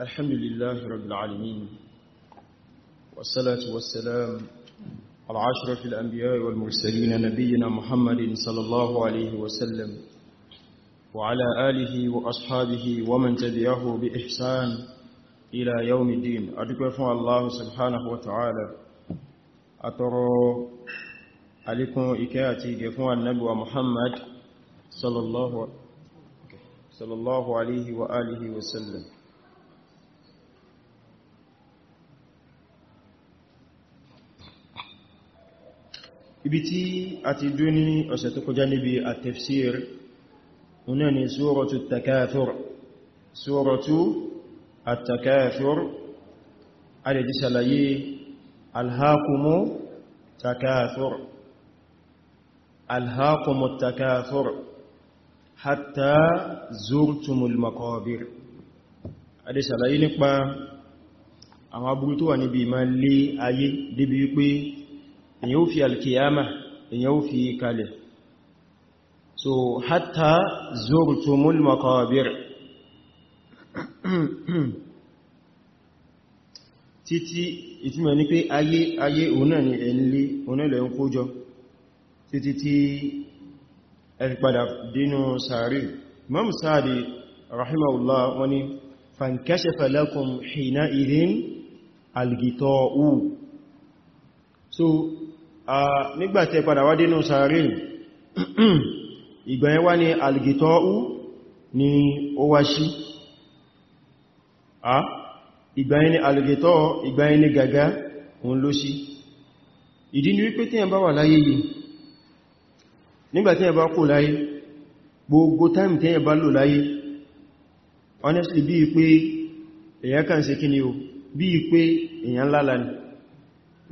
الحمد لله رب العالمين والصلاة والسلام على عشرة الأنبياء والمرسلين نبينا محمد صلى الله عليه وسلم وعلى آله وأصحابه ومن تبعه بإحسان إلى يوم الدين أدكفوا الله سبحانه وتعالى أتروا عليكم إكاتي كفوا النبوة محمد صلى الله, صلى الله عليه وآله وسلم ibi tí a ti dú ní ọ̀sẹ̀ tó kọjá níbi at-tafsir oní ni suratu at-takathur suratu at-takathur a lè jí ṣàlàyé alhakumu takathur alhakumu takathur hatta zurtumul makabir a lè nípa àwọn abúrú wà níbi ma lé ayé débi wípé èyàn ó fi alkiyama èyàn ó fi kalẹ̀ so hatta zurtumul makabir títí ìtumọ̀ ní pé ayé ayé òun náà ni ẹ̀nlé òun náà lẹ́ ń kójọ títí tí ẹ̀fì padà dínú sàárè Imam Sa'di rahimahullah wani fankashafa lakum hina idhin algita'u so nígbàtí ẹ padà wá dínú sàárè ìgbà yẹn wá ní algitọ́ú ni ó wá sí a ìgbà yẹn ni algitọ́ ìgbà yẹn ni gàgá òun ló sí ìdí ni wípé tí ẹ bá wà láyé yìí nígbàtí ẹ bá kò láyé gbogbo táìmì tí ẹ bá lò láyé honestly bí i pé èyàn kàn ṣe kí ni o bí i pé èyàn lálàá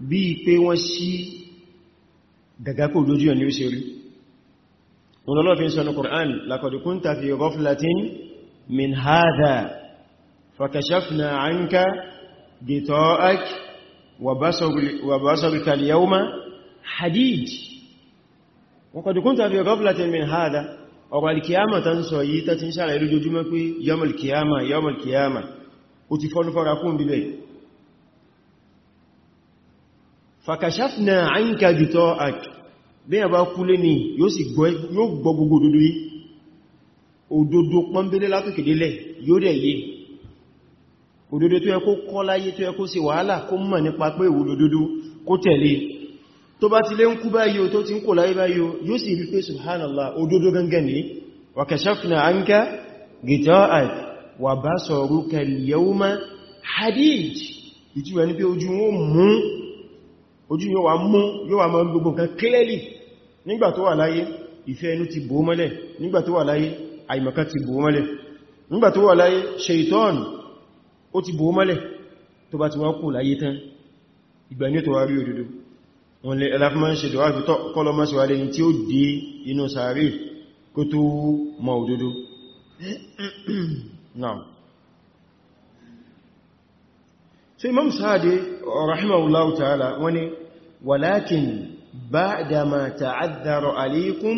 bí i pé wọ́n sí gàgàkò lójú ẹni ó ṣe rí wọn lọ́lọ́fin sọ ní Qur'an laqad kunta fi ghaflatin min hadha fakashafna anka gita'ak wa basaruka al-yawma hadid waqad kunta fi ghaflatin min hadha ọ̀rọ̀ alkiyama ta ń sọ yí ta ti ń sára ìlú jojúmọ́ pé yọmọlkiyama yọmọlkiyama ó ti fọ́nfọ́ra kún bíbẹ̀ fàkàṣáfnà àyíká jùtọ́ àkì bí a bá kúlé ní yóò sì gbọ́ gbogbo òdodo yìí òdodo pọ́nbélé látòkèdélẹ̀ yóò dẹ̀ yé òdodo tó yẹ kó kọ́ láyé tó yẹ kó ṣe wàhálà kó mọ̀ nípa pé òdodo kó tẹ̀lé tó bá ti lé ń kú báyìí tó ti ń kò láyé báyìí yóò sì ojú yóò wà mú yóò wà mọ́ gbogbo nǹkan clearly nígbà tó wà láyé ìfẹ́ inú ti bò mọ́lẹ̀ nígbà tó wà láyé àìmọ̀kan ti bò mọ́lẹ̀ nígbà tó wà láyé ṣeìtọ́ọ̀nù ó ti bò mọ́lẹ̀ tó bá ti wá kù láyé tán ìgbà ní ó tó wá rí òdodo wọn lè ẹlàfimá ń ṣe dọ̀wà fi kọ́lọ mọ́ síwá lẹ́yìn tí ó so imam sa'adi rahimahullahu ta'ala wani walakin ba'dama ta'adhdharu alaykum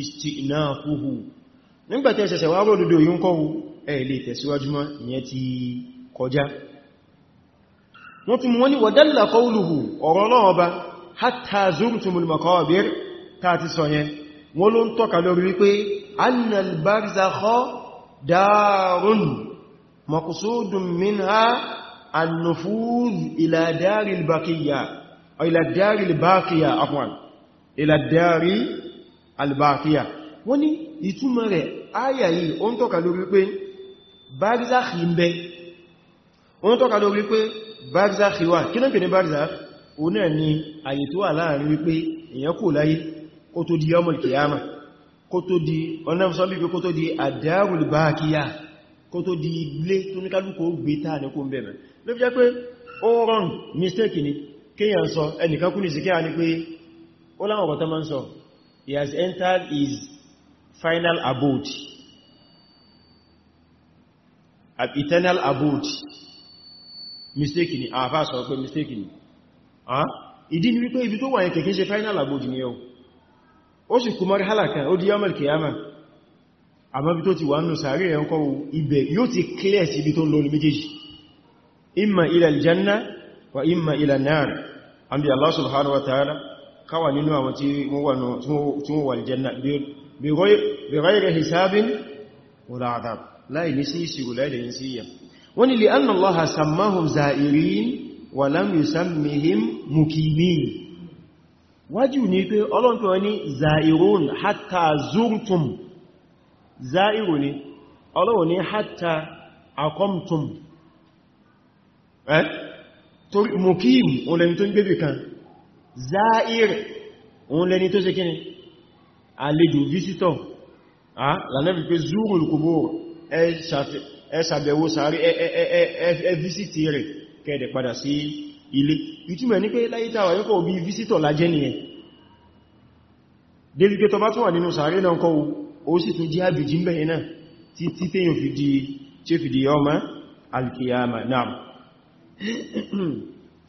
isti'nafuhu nígbà tẹ́ ṣẹ̀ṣẹ̀ wá rododo yín ko hu ẹ lè tẹ̀síwájú mọ́ ìyẹn tí kọjá wọ́n tún wọ́n ní wadalla qawluhu ọ̀rọ̀ náà ọba hatta zurtumul maqabir ta ti sọ yẹn wọ́n ló ń النفوذ إلى دار البقية أو إلى الدار الباقية عفوا إلى الدار الباقية wọ́n ní ìtumọ̀ rẹ̀ ayà yìí o ń tọ́ka lórí pé barzakh ń bẹ o ń tọ́ka lórí pé barzakh wà kí náà pè ní barzakh o náà ni àyè tó wà láàrin wípé èyàn kò láyé kó tó di yawmul qiyamah kó tó di ọ̀nà sọ́bí pé kó tó di ad-darul kó tó di ilé tó ní kálùkò gbé tàà ní kó ń bẹ̀rẹ̀ ló fi jẹ́ pé ó rọrùn mistake ni kíyàn sọ ẹnìkan kú ní sí kíyà ní pé ó láwọn ọ̀kọ̀tọ́ máa ń sọ he has entered his final abode an eternal abode mistake ni àfá sọ pé mistake ni ìdí ni wípé ibi tó wà yẹn kèkè ṣe final abode ni yau ó sì kú marhala kan ó di yamal kiyama àmọ́ bí tó ti wà nù sàárè ẹ̀kọ́ ibẹ̀ yóò ti clear sí ibi tó ń lórí méjèèjì imma ila aljanna wa imma ila an-nar àmì Allah subhanahu wa ta'ala káwà nínú àwọn tí wọ́n wà aljanna bi ghayri hisabin wala adab láì ní sí ìṣirò láì lẹ́yìn sí ìyà wọ́n ni li'anna Allaha sammahum za'irin záìrò ni ọlọ́wọ̀ ní hatta akọ́mtum mukim òun lẹni tó ń gbébì kan záìr òun lẹni tó ṣe kíni àlejò visitor lànàbì pé zúrù lùkúbò ẹ ṣàbẹ̀wò sàárì ẹ visiti rẹ̀ kẹ́ẹ̀dẹ̀ padà sí ilé ìtumọ̀ ní pé láyítàwà yóò kọ̀ bí visitor lájẹ́ nìyẹn débi pé tọba tún wà nínú sàárì náà kọ́wọ́ ó sì tún jẹ́ àbìjì ń bẹ̀yẹ̀ náà títí tí yóò fi di tí ó fi di yawma alkiyama na'am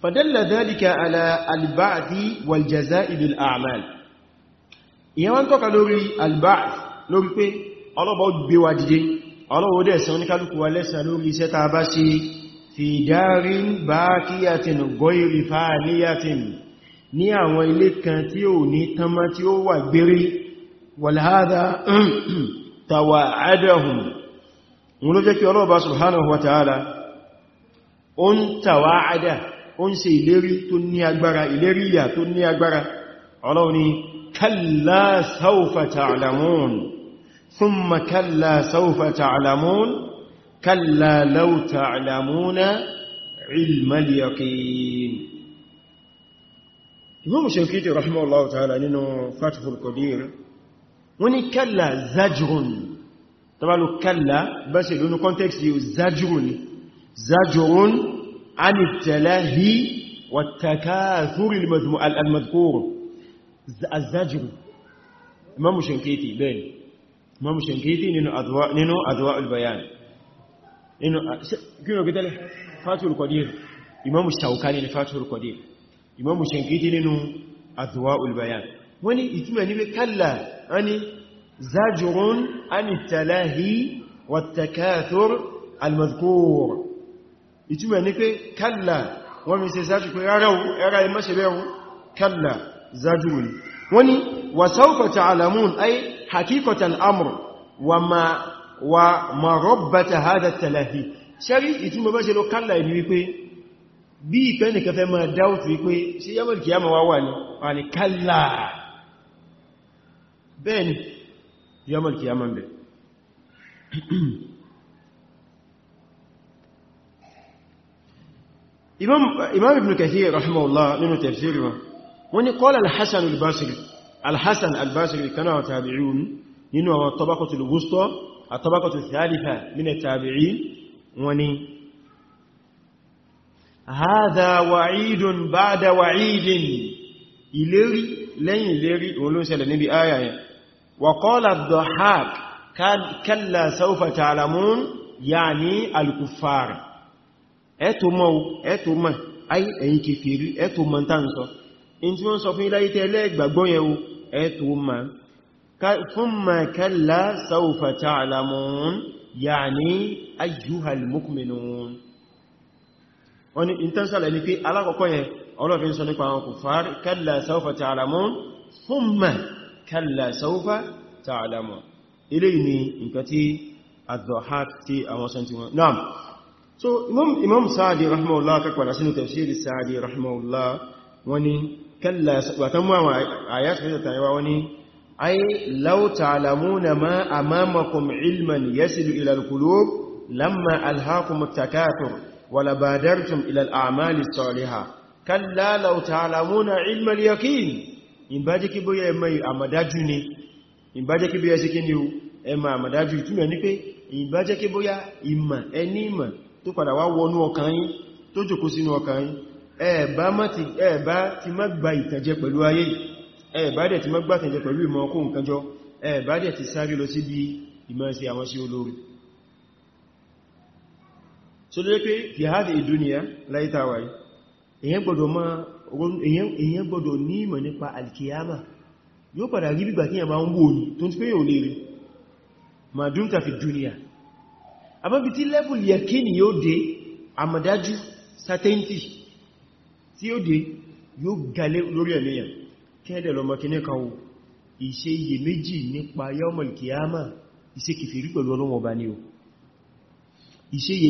fadalla dhalika ala alba'di wal jaza'i bil a'mal ìyẹn wọ́n tọ́ka lórí alba'di lórí pé ọlọ́bọ̀ gbé wa dìde ọlọ́wọ́ dẹ̀ sàn ní kálùkù wa lẹ́sà lórí iṣẹ́ ta bá àwọn ilé kan tí ò ní tánmá tí ó wà gbére ولهذا توعدهم ولذلك الله سبحانه وتعالى ان توعد ان سيلري تني اغبارا اليريا تني اغبارا اولوني كلا سوف تعلمون ثم كلا سوف تعلمون كلا لو تعلمون علم اليقين يقول الشيخ رحمه الله تعالى انه فاتح القدير wọ́n ní kalla zajrun tọ́bálò kalla bá ṣe lónú context yíò zajrun zajrun anìtẹ̀láhí wàtàkàtúrì al-madhkur zajrun imamu shankiti bẹ́ẹ̀ imamu shankiti nínú adwa al-bayan nínú kí o gẹ́tẹ́lẹ̀ fatul qadir imamu shaukani shankiti nínú adwa al wọ́n ní ìtumẹ̀ níbi kalla ani zajurun ani talahi wa takathur almadhkur ìtumọ̀ ní pé kalla wọ́n mi ṣe zájú pé rárá ẹ̀rá ìmọ́ṣẹ̀ bẹ̀rù kalla zajurun wọ́n ni wa sawfa ta'lamun ay haqiqatan amr wa ma wa ma rabbata hadha talahi ṣẹ́rí ìtumọ̀ bá ṣe lọ kalla ìbí wípé bí ìkẹ́ nìkan fẹ́ máa dáwọ̀ wípé ṣe yamar kiyama wà wà ní kalla bẹ́ẹ̀ ni yọmọl kìyàmọ́ bẹ̀ imam ibn kathir rahimahullah nínú tafsir wọn wọ́n ni qala al-hassan al-basri al-hassan al-basri kana wa tabi'un nínú àwọn tabaqatul wusta at-tabaqatu thalitha min at-tabi'in wọ́n ni hadha wa'idun ba'da wa'idin ìlérí lẹ́yìn ìlérí òun níbi ayayẹ وقال الضحاك كلا سوف تعلمون يعني الكفار ẹ̀tò mọ́ ẹ̀tò mọ́ ayé ẹ̀yin kèfèrí ẹ̀tò mọ́ tán sọ in tí wọ́n sọ fún iláyé tẹ́lẹ̀ gbàgbọ́ yẹn o ẹ̀tò mọ́ thumma kalla sawfa ta'lamun yani ayyuhal mu'minun wọ́n ni intanṣàlẹ̀ ni pé alákọ̀ọ́kọ́ yẹn ọlọ́fin sọ nípa àwọn kufar kalla sawfa ta'lamun thumma kalla sawfa ta'lamun eléyìí ni nǹkan tí adh-Dhahhak tí àwọn sọ tí wọ́n naam so imam imam Sa'di rahimahullah ka padà sínú tafsir Sa'di rahimahullah wani kalla sawfa tan ma ayat ta tayawa wani ay law ta'lamuna ma amamakum ilman yasilu ila al-qulub lamma alhaqum at-takathur wala badartum ila al-a'mali as-salihah kalla law ta'lamuna ilma al-yaqin ìbájẹ́ kí bóyá ẹmọ àmàdájú ni ìbájẹ́ kí bóyá sí kí ni o ẹmọ àmàdájú ìtumọ̀ ní pé ìbájẹ́ kí bóyá ìmọ̀ ẹni ìmọ̀ tó padà wá wọnú ọkàn yín tó jòkó sínú ọkàn yín ẹ̀ẹ̀bá ti má gba ìtànjẹ pẹ̀lú ayé ẹ̀ẹ̀bá dẹ̀ ti má gba ìtànjẹ pẹ̀lú ìmọ̀ ọkùn kanjọ ẹ̀ẹ̀bá dẹ̀ ti sáré lọ síbi ìmọ̀ èyàn gbọ́dọ̀ ní ìmọ̀ nípa alkiyama yóò padà rí bí gbàtíyàn bá ń wò ní tó ń tí pé yóò lè rí ma dúnkà fi dúnìyà abábi tí level yakini yóò dé àmàdájú certainty tí yóò dé yóò galé lórí ẹ̀mẹ́yàn kẹ́ẹ̀dẹ̀ lọmọ kí ní kawo ìṣe iye méjì nípa yawmal kiyama ìṣe kìfèrí pẹ̀lú ọlọ́wọ̀ bá ní o ìṣe iye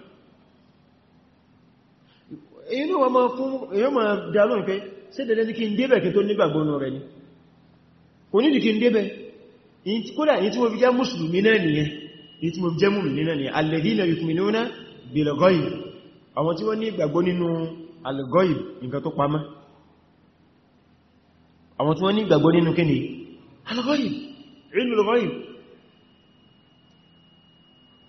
èyí ló wọ́n máa fún èyí máa dáló ìpé sí dẹ̀dẹ̀ sí kí n débẹ̀ kí tó nígbàgbónú rẹ̀ ni kò ní dìkí n débẹ̀ kódà èyí tí mo fi jẹ́ mùsùlùmí náà nìyẹn èyí tí mo fi jẹ́ mùsùlùmí náà nìyẹn alladhina yu'minuna bil ghaib àwọn tí wọ́n ní ìgbàgbọ́ nínú al ghaib nǹkan tó pamọ́ àwọn tí wọ́n ní ìgbàgbọ́ nínú kíni al ghaib ilmul ghaib